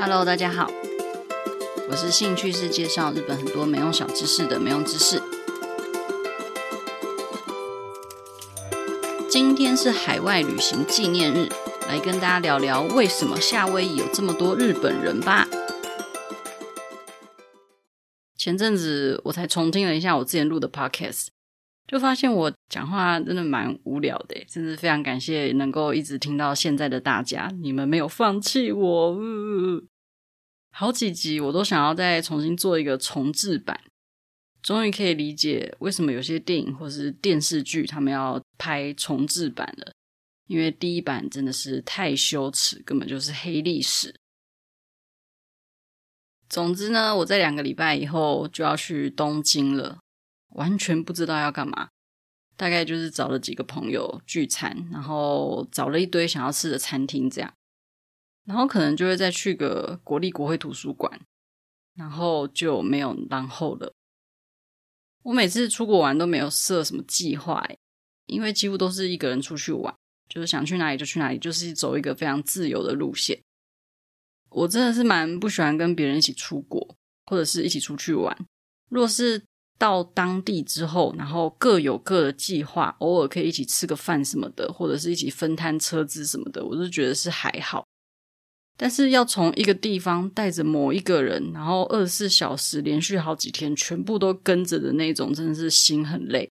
Hello，大家好，我是興趣是介紹日本很多沒用小知識的沒用知識。今天是海外旅行紀念日，來跟大家聊聊為什麼夏威夷有這麼多日本人吧。前陣子我才重聽了一下我之前錄的 Podcast，就發現我講話真的蠻無聊的，真的非常感謝能夠一直聽到現在的大家，你們沒有放棄我。好幾集我都想要再重新做一個重製版。終於可以理解為什麼有些電影或是電視劇他們要拍重製版了，因為第一版真的是太羞恥，根本就是黑歷史。總之呢，我在兩個禮拜以後就要去東京了，完全不知道要幹嘛，大概就是找了幾個朋友聚餐，然後找了一堆想要吃的餐廳這樣。然後可能就會再去個國立國會圖書館，然後就沒有然後了。我每次出國玩都沒有設什麼計劃誒，因為幾乎都是一個人出去玩，就是想去哪裡就去哪裡，就是走一個非常自由的路線。我真的是蠻不喜歡跟別人一起出國，或者是一起出去玩。若是到當地之後，然後各有各的計劃，偶爾可以一起吃個飯什麼的，或者是一起分攤車資什麼的，我就覺得是還好。但是要從一個地方帶着某一個人，然後二十四小時連續好幾天全部都跟着的那種，真的是心很累，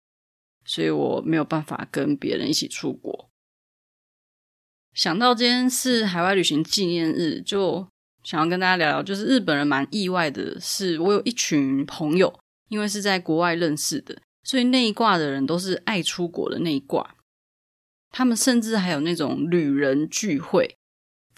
所以我沒有辦法跟別人一起出國。想到今天是海外旅行紀念日，就想要跟大家聊聊。就是日本人蠻意外的，是我有一群朋友，因為是在國外認識的，所以那一掛的人都是愛出國的那一掛。他們甚至還有那種旅人聚會。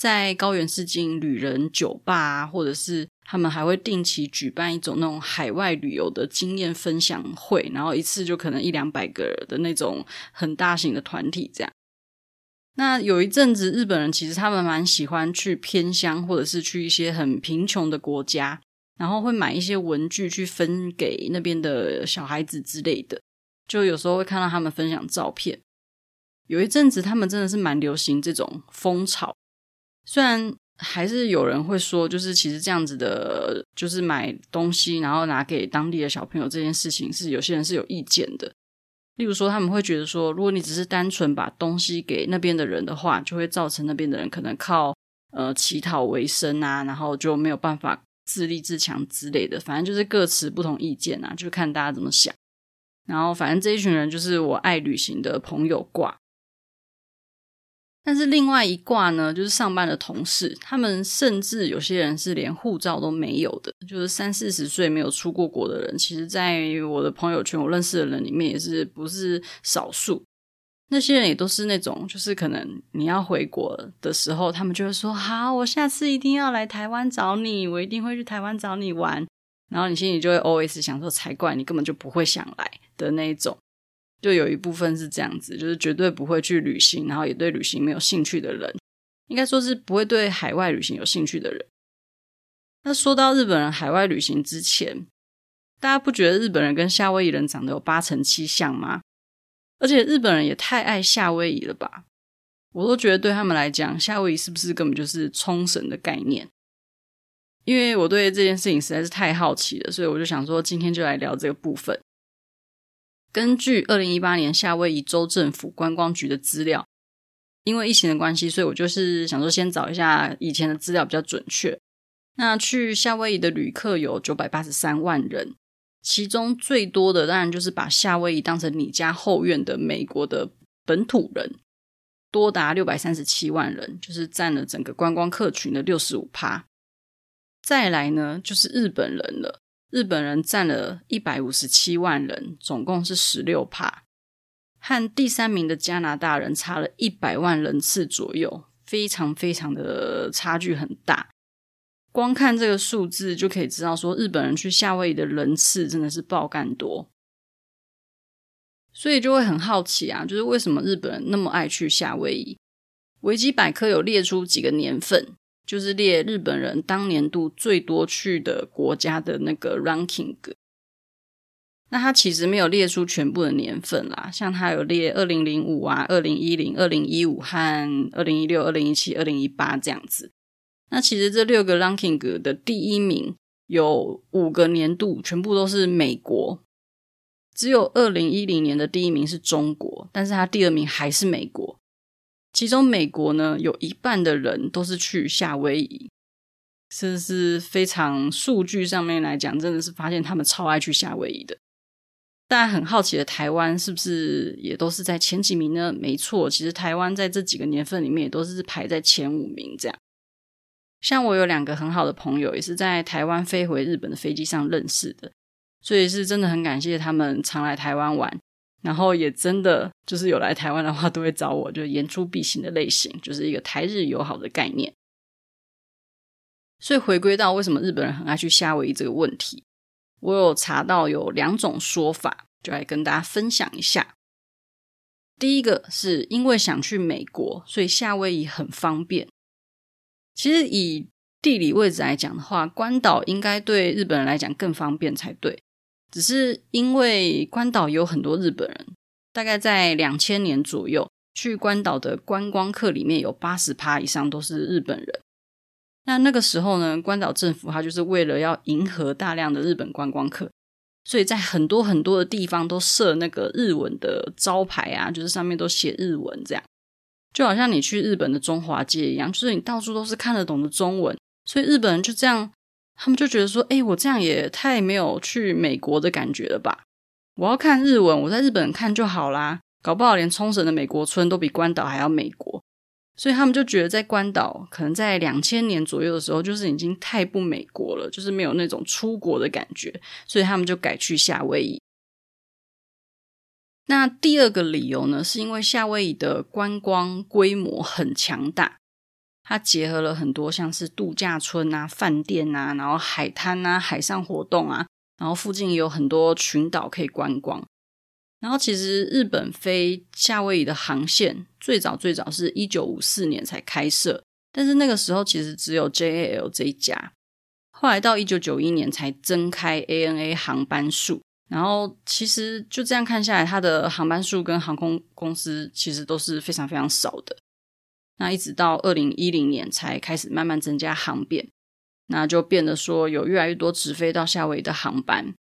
在高原市經營旅人酒吧，啊，或者是他們還會定期舉辦一種那種海外旅遊的經驗分享會，然後一次就可能一兩百個人的那種很大型的團體這樣。那有一陣子日本人其實他們蠻喜歡去偏鄉，或者是去一些很貧窮的國家，然後會買一些文具去分給那邊的小孩子之類的。就有時候會看到他們分享照片。有一陣子他們真的是蠻流行這種風潮。雖然還是有人會說，就是其實這樣子的，就是買東西然後拿給當地的小朋友這件事情，是有些人是有意見的。例如說，他們會覺得說，如果你只是單純把東西給那邊的人的話，就會造成那邊的人可能靠呃乞討為生啊，然後就沒有辦法自立自強之類的。反正就是各持不同意見啊，就看大家怎麼想。然後，反正這一群人就是我愛旅行的朋友掛。但是另外一掛呢，就是上班的同事，他們甚至有些人是連護照都沒有的，就是三四十歲沒有出過國的人，其實，在我的朋友圈，我認識的人裡面也是不是少數。那些人也都是那種，就是可能你要回國的時候，他們就會說：“好，我下次一定要來台灣找你，我一定會去台灣找你玩。”然後你心裡就會 always 想說：“才怪，你根本就不會想來的那一種。”就有一部分是這樣子，就是絕對不會去旅行，然後也對旅行沒有興趣的人，應該說是不會對海外旅行有興趣的人。那說到日本人海外旅行之前，大家不覺得日本人跟夏威夷人長得有八成七像嗎？而且日本人也太愛夏威夷了吧？我都覺得對他們來講，夏威夷是不是根本就是沖繩的概念？因為我對這件事情實在是太好奇了，所以我就想說，今天就來聊這個部分。根據二零一八年夏威夷州政府觀光局的資料，因為疫情的關係，所以我就是想說先找一下以前的資料比較準確。那去夏威夷的旅客有九百八十三萬人，其中最多的當然就是把夏威夷當成你家後院的美國的本土人，多達六百三十七萬人，就是佔了整個觀光客群的六十五趴。再來呢，就是日本人了。日本人佔了一百五十七萬人，總共是十六趴，和第三名的加拿大人差了一百萬人次左右，非常非常的差距很大。光看這個數字，就可以知道說日本人去夏威夷的人次真的是爆幹多，所以就會很好奇啊，就是為什麼日本人那麼愛去夏威夷？維基百科有列出幾個年份。就是列日本人當年度最多去的國家的那個 ranking，那他其實沒有列出全部的年份啦，像他有列二零零五啊、二零一零、二零一五和二零一六、二零一七、二零一八這樣子。那其實這六個 ranking 的第一名有五個年度全部都是美國，只有二零一零年的第一名是中國，但是他第二名還是美國。其中，美國呢有一半的人都是去夏威夷，甚至是非常數據上面來講，真的是發現他們超愛去夏威夷的。但很好奇的台灣是不是也都是在前幾名呢？沒錯，其實台灣在這幾個年份裡面也都是排在前五名這樣。像我有兩個很好的朋友，也是在台灣飛回日本的飛機上認識的，所以是真的很感謝他們常來台灣玩。然後也真的就是有來台灣的話，都會找我，就是言出必行的類型，就是一個台日友好的概念。所以回歸到為什麼日本人很愛去夏威夷這個問題，我有查到有兩種說法，就來跟大家分享一下。第一個是因為想去美國，所以夏威夷很方便。其實以地理位置來講的話，關島應該對日本人來講更方便才對。只是因為關島有很多日本人，大概在兩千年左右去關島的觀光客裡面，有八十趴以上都是日本人。那那個時候呢，關島政府它就是為了要迎合大量的日本觀光客，所以在很多很多的地方都設那個日文的招牌啊，就是上面都寫日文這樣，就好像你去日本的中華街一樣，就是你到處都是看得懂的中文，所以日本人就這樣。他們就覺得說，哎，我這樣也太沒有去美國的感覺了吧？我要看日文，我在日本看就好啦。搞不好連沖繩的美國村都比關島還要美國，所以他們就覺得在關島，可能在兩千年左右的時候，就是已經太不美國了，就是沒有那種出國的感覺，所以他們就改去夏威夷。那第二個理由呢，是因為夏威夷的觀光規模很強大。它結合了很多像是度假村啊、飯店啊，然後海灘啊、海上活動啊，然後附近有很多群島可以觀光。然後，其實日本飛夏威夷的航線最早最早是一九五四年才開設，但是那個時候其實只有 JAL 這一家。後來到一九九一年才增開 ANA 航班數。然後，其實就這樣看下來，它的航班數跟航空公司其實都是非常非常少的。那一直到二零一零年才開始慢慢增加航班，那就變得說有越來越多直飛到夏威夷的航班。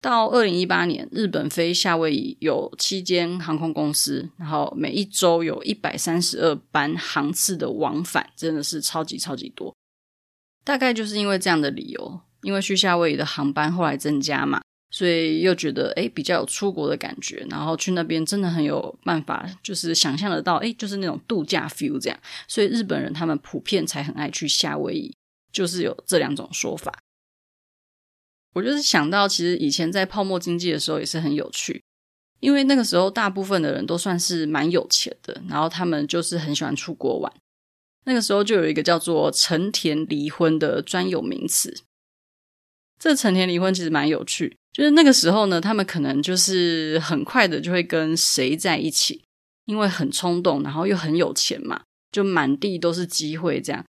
到二零一八年，日本飛夏威夷有七間航空公司，然後每一周有一百三十二班航次的往返，真的是超級超級多。大概就是因為這樣的理由，因為去夏威夷的航班後來增加嘛。所以又覺得，誒，比較有出國的感覺，然後去那邊真的很有辦法，就是想象得到，誒，就是那種度假 feel 這樣。所以日本人他們普遍才很愛去夏威夷，就是有這兩種說法。我就是想到，其實以前在泡沫經濟的時候也是很有趣，因為那個時候大部分的人都算是蠻有錢的，然後他們就是很喜歡出國玩。那個時候就有一個叫做“成田離婚”的專有名詞，這“成田離婚”其實蠻有趣。就是那個時候呢，他們可能就是很快的就會跟誰在一起，因為很衝動，然後又很有錢嘛，就滿地都是機會，這樣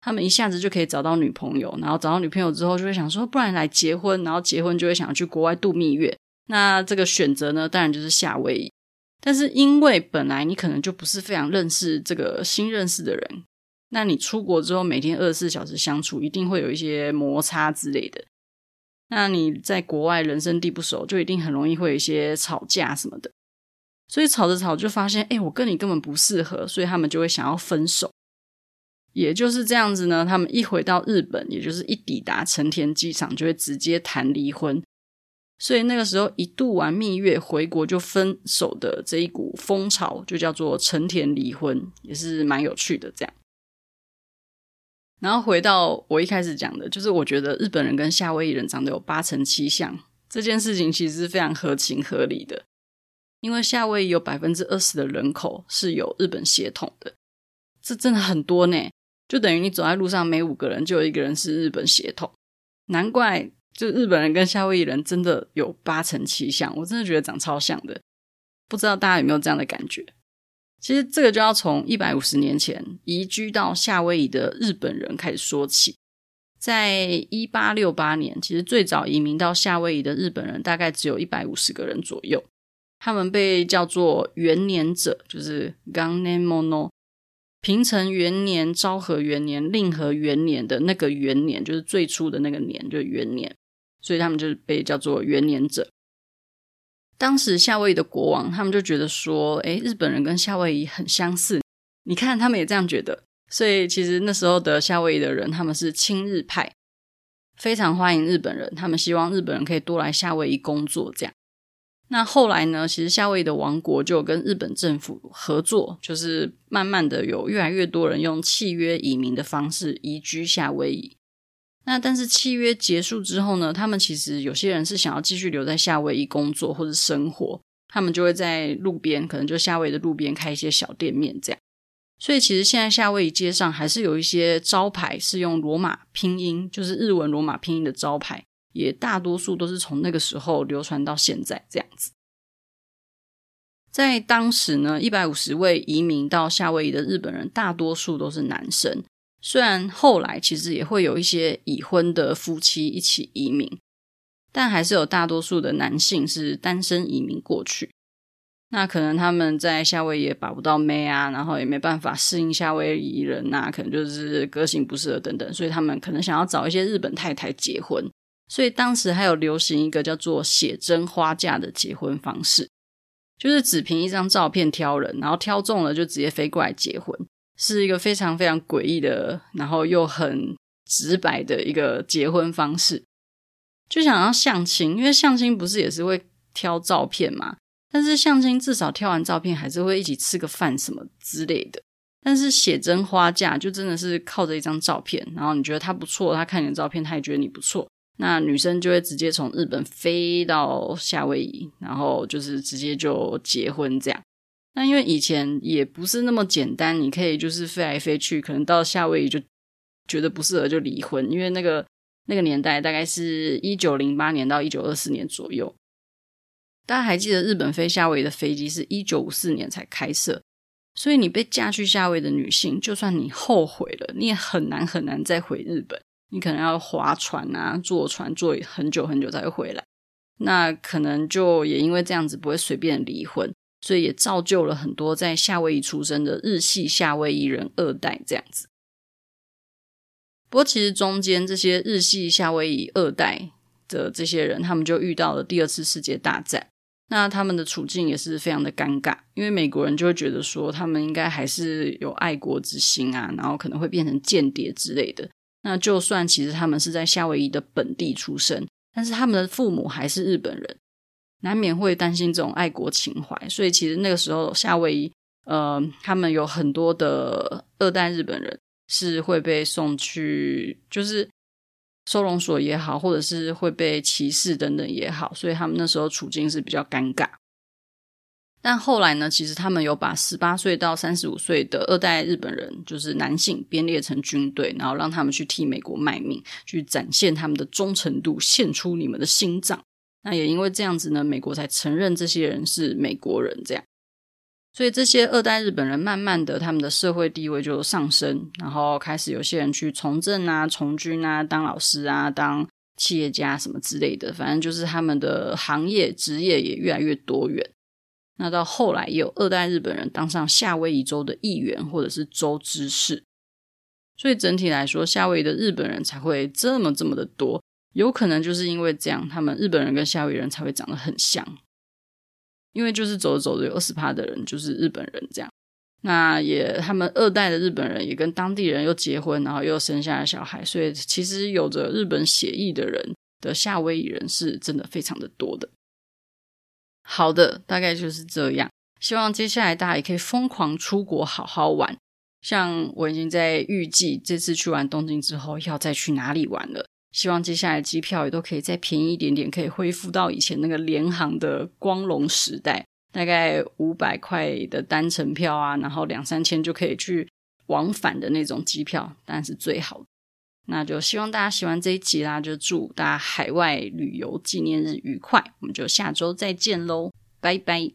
他們一下子就可以找到女朋友，然後找到女朋友之後就會想說，不然來結婚，然後結婚就會想要去國外度蜜月。那這個選擇呢，當然就是夏威夷。但是因為本來你可能就不是非常認識這個新認識的人，那你出國之後每天二十四小時相處，一定會有一些摩擦之類的。那你在國外人生地不熟，就一定很容易會有一些吵架什麼的，所以吵着吵就發現，哎，我跟你根本不適合，所以他們就會想要分手。也就是這樣子呢，他們一回到日本，也就是一抵達成田機場，就會直接談離婚。所以那個時候一度完蜜月回國就分手的這一股風潮，就叫做成田離婚，也是蠻有趣的這樣。然後回到我一開始講的，就是我覺得日本人跟夏威夷人長得有八成七像這件事情，其實是非常合情合理的。因為夏威夷有百分之二十的人口是有日本血統的，這真的很多呢，就等於你走在路上每五個人就有一個人是日本血統。難怪就日本人跟夏威夷人真的有八成七像，我真的覺得長超像的。不知道大家有沒有這樣的感覺？其實這個就要從一百五十年前移居到夏威夷的日本人開始說起。在一八六八年，其實最早移民到夏威夷的日本人大概只有一百五十個人左右，他們被叫做元年者，就是 Gannenmono，平成元年、昭和元年、令和元年的那個元年，就是最初的那個年，就是元年，所以他們就是被叫做元年者。當時夏威夷的國王，他們就覺得說，誒，日本人跟夏威夷很相似，你看他們也這樣覺得，所以其實那時候的夏威夷的人，他們是親日派，非常歡迎日本人，他們希望日本人可以多來夏威夷工作，這樣。那後來呢，其實夏威夷的王國就跟日本政府合作，就是慢慢的有越來越多人用契約移民的方式移居夏威夷。那但是契約結束之後呢，他們其實有些人是想要繼續留在夏威夷工作或者生活，他們就會在路邊，可能就夏威夷的路邊開一些小店面這樣。所以其實現在夏威夷街上還是有一些招牌是用羅馬拼音，就是日文羅馬拼音的招牌，也大多數都是從那個時候流傳到現在這樣子。在當時呢，一百五十位移民到夏威夷的日本人，大多數都是男生。雖然後來其實也會有一些已婚的夫妻一起移民，但還是有大多數的男性是單身移民過去。那可能他們在夏威夷也找不到妹啊，然後也沒辦法適應夏威夷人啊，可能就是個性不適合等等，所以他們可能想要找一些日本太太結婚。所以當時還有流行一個叫做寫真花嫁的結婚方式，就是只憑一張照片挑人，然後挑中了就直接飛過來結婚。是一個非常非常詭異的，然後又很直白的一個結婚方式，就想要相親，因為相親不是也是會挑照片嘛？但是相親至少挑完照片還是會一起吃個飯什麼之類的，但是寫真花嫁就真的是靠着一張照片，然後你覺得他不錯，他看你的照片，他也覺得你不錯，那女生就會直接從日本飛到夏威夷，然後就是直接就結婚這樣。那因為以前也不是那麼簡單，你可以就是飛來飛去，可能到夏威夷就覺得不適合就離婚。因為那個那個年代大概是一九零八年到一九二四年左右，大家還記得日本飛夏威夷的飛機是一九五四年才開設，所以你被嫁去夏威夷的女性，就算你後悔了，你也很難很難再回日本。你可能要划船啊，坐船坐很久很久才會回來。那可能就也因為這樣子，不會隨便離婚。所以也造就了很多在夏威夷出生的日系夏威夷人二代這樣子。不過，其實中間這些日系夏威夷二代的這些人，他們就遇到了第二次世界大戰，那他們的處境也是非常的尷尬，因為美國人就會覺得說他們應該還是有愛國之心啊，然後可能會變成間諜之類的。那就算其實他們是在夏威夷的本地出生，但是他們的父母還是日本人。難免會擔心這種愛國情懷，所以其實那個時候夏威夷呃，他們有很多的二代日本人是會被送去，就是收容所也好，或者是會被歧視等等也好，所以他們那時候處境是比較尷尬。但後來呢，其實他們有把十八歲到三十五歲的二代日本人，就是男性編列成軍隊，然後讓他們去替美國賣命，去展現他們的忠誠度，獻出你們的心臟。那也因為這樣子呢，美國才承認這些人是美國人，這樣，所以這些二代日本人慢慢的，他們的社會地位就上升，然後開始有些人去從政啊、從軍啊、當老師啊、當企業家什麼之類的，反正就是他們的行業職業也越來越多元。那到後來也有二代日本人當上夏威夷州的議員或者是州知事，所以整體來說，夏威夷的日本人才會這麼這麼的多。有可能就是因為這樣，他們日本人跟夏威夷人才會長得很像，因為就是走着走着，有二十趴的人就是日本人這樣。那也，他們二代的日本人也跟當地人又結婚，然後又生下了小孩，所以其實有着日本血液的人的夏威夷人是真的非常的多的。好的，大概就是這樣。希望接下來大家也可以瘋狂出國好好玩，像我已經在預計這次去完東京之後要再去哪裡玩了。希望接下來機票也都可以再便宜一點點，可以恢復到以前那個聯航的光榮時代，大概五百塊的單程票啊，然後兩三千就可以去往返的那種機票，當然是最好的。那就希望大家喜歡這一集啦，就祝大家海外旅遊紀念日愉快，我們就下週再見嘍，拜拜。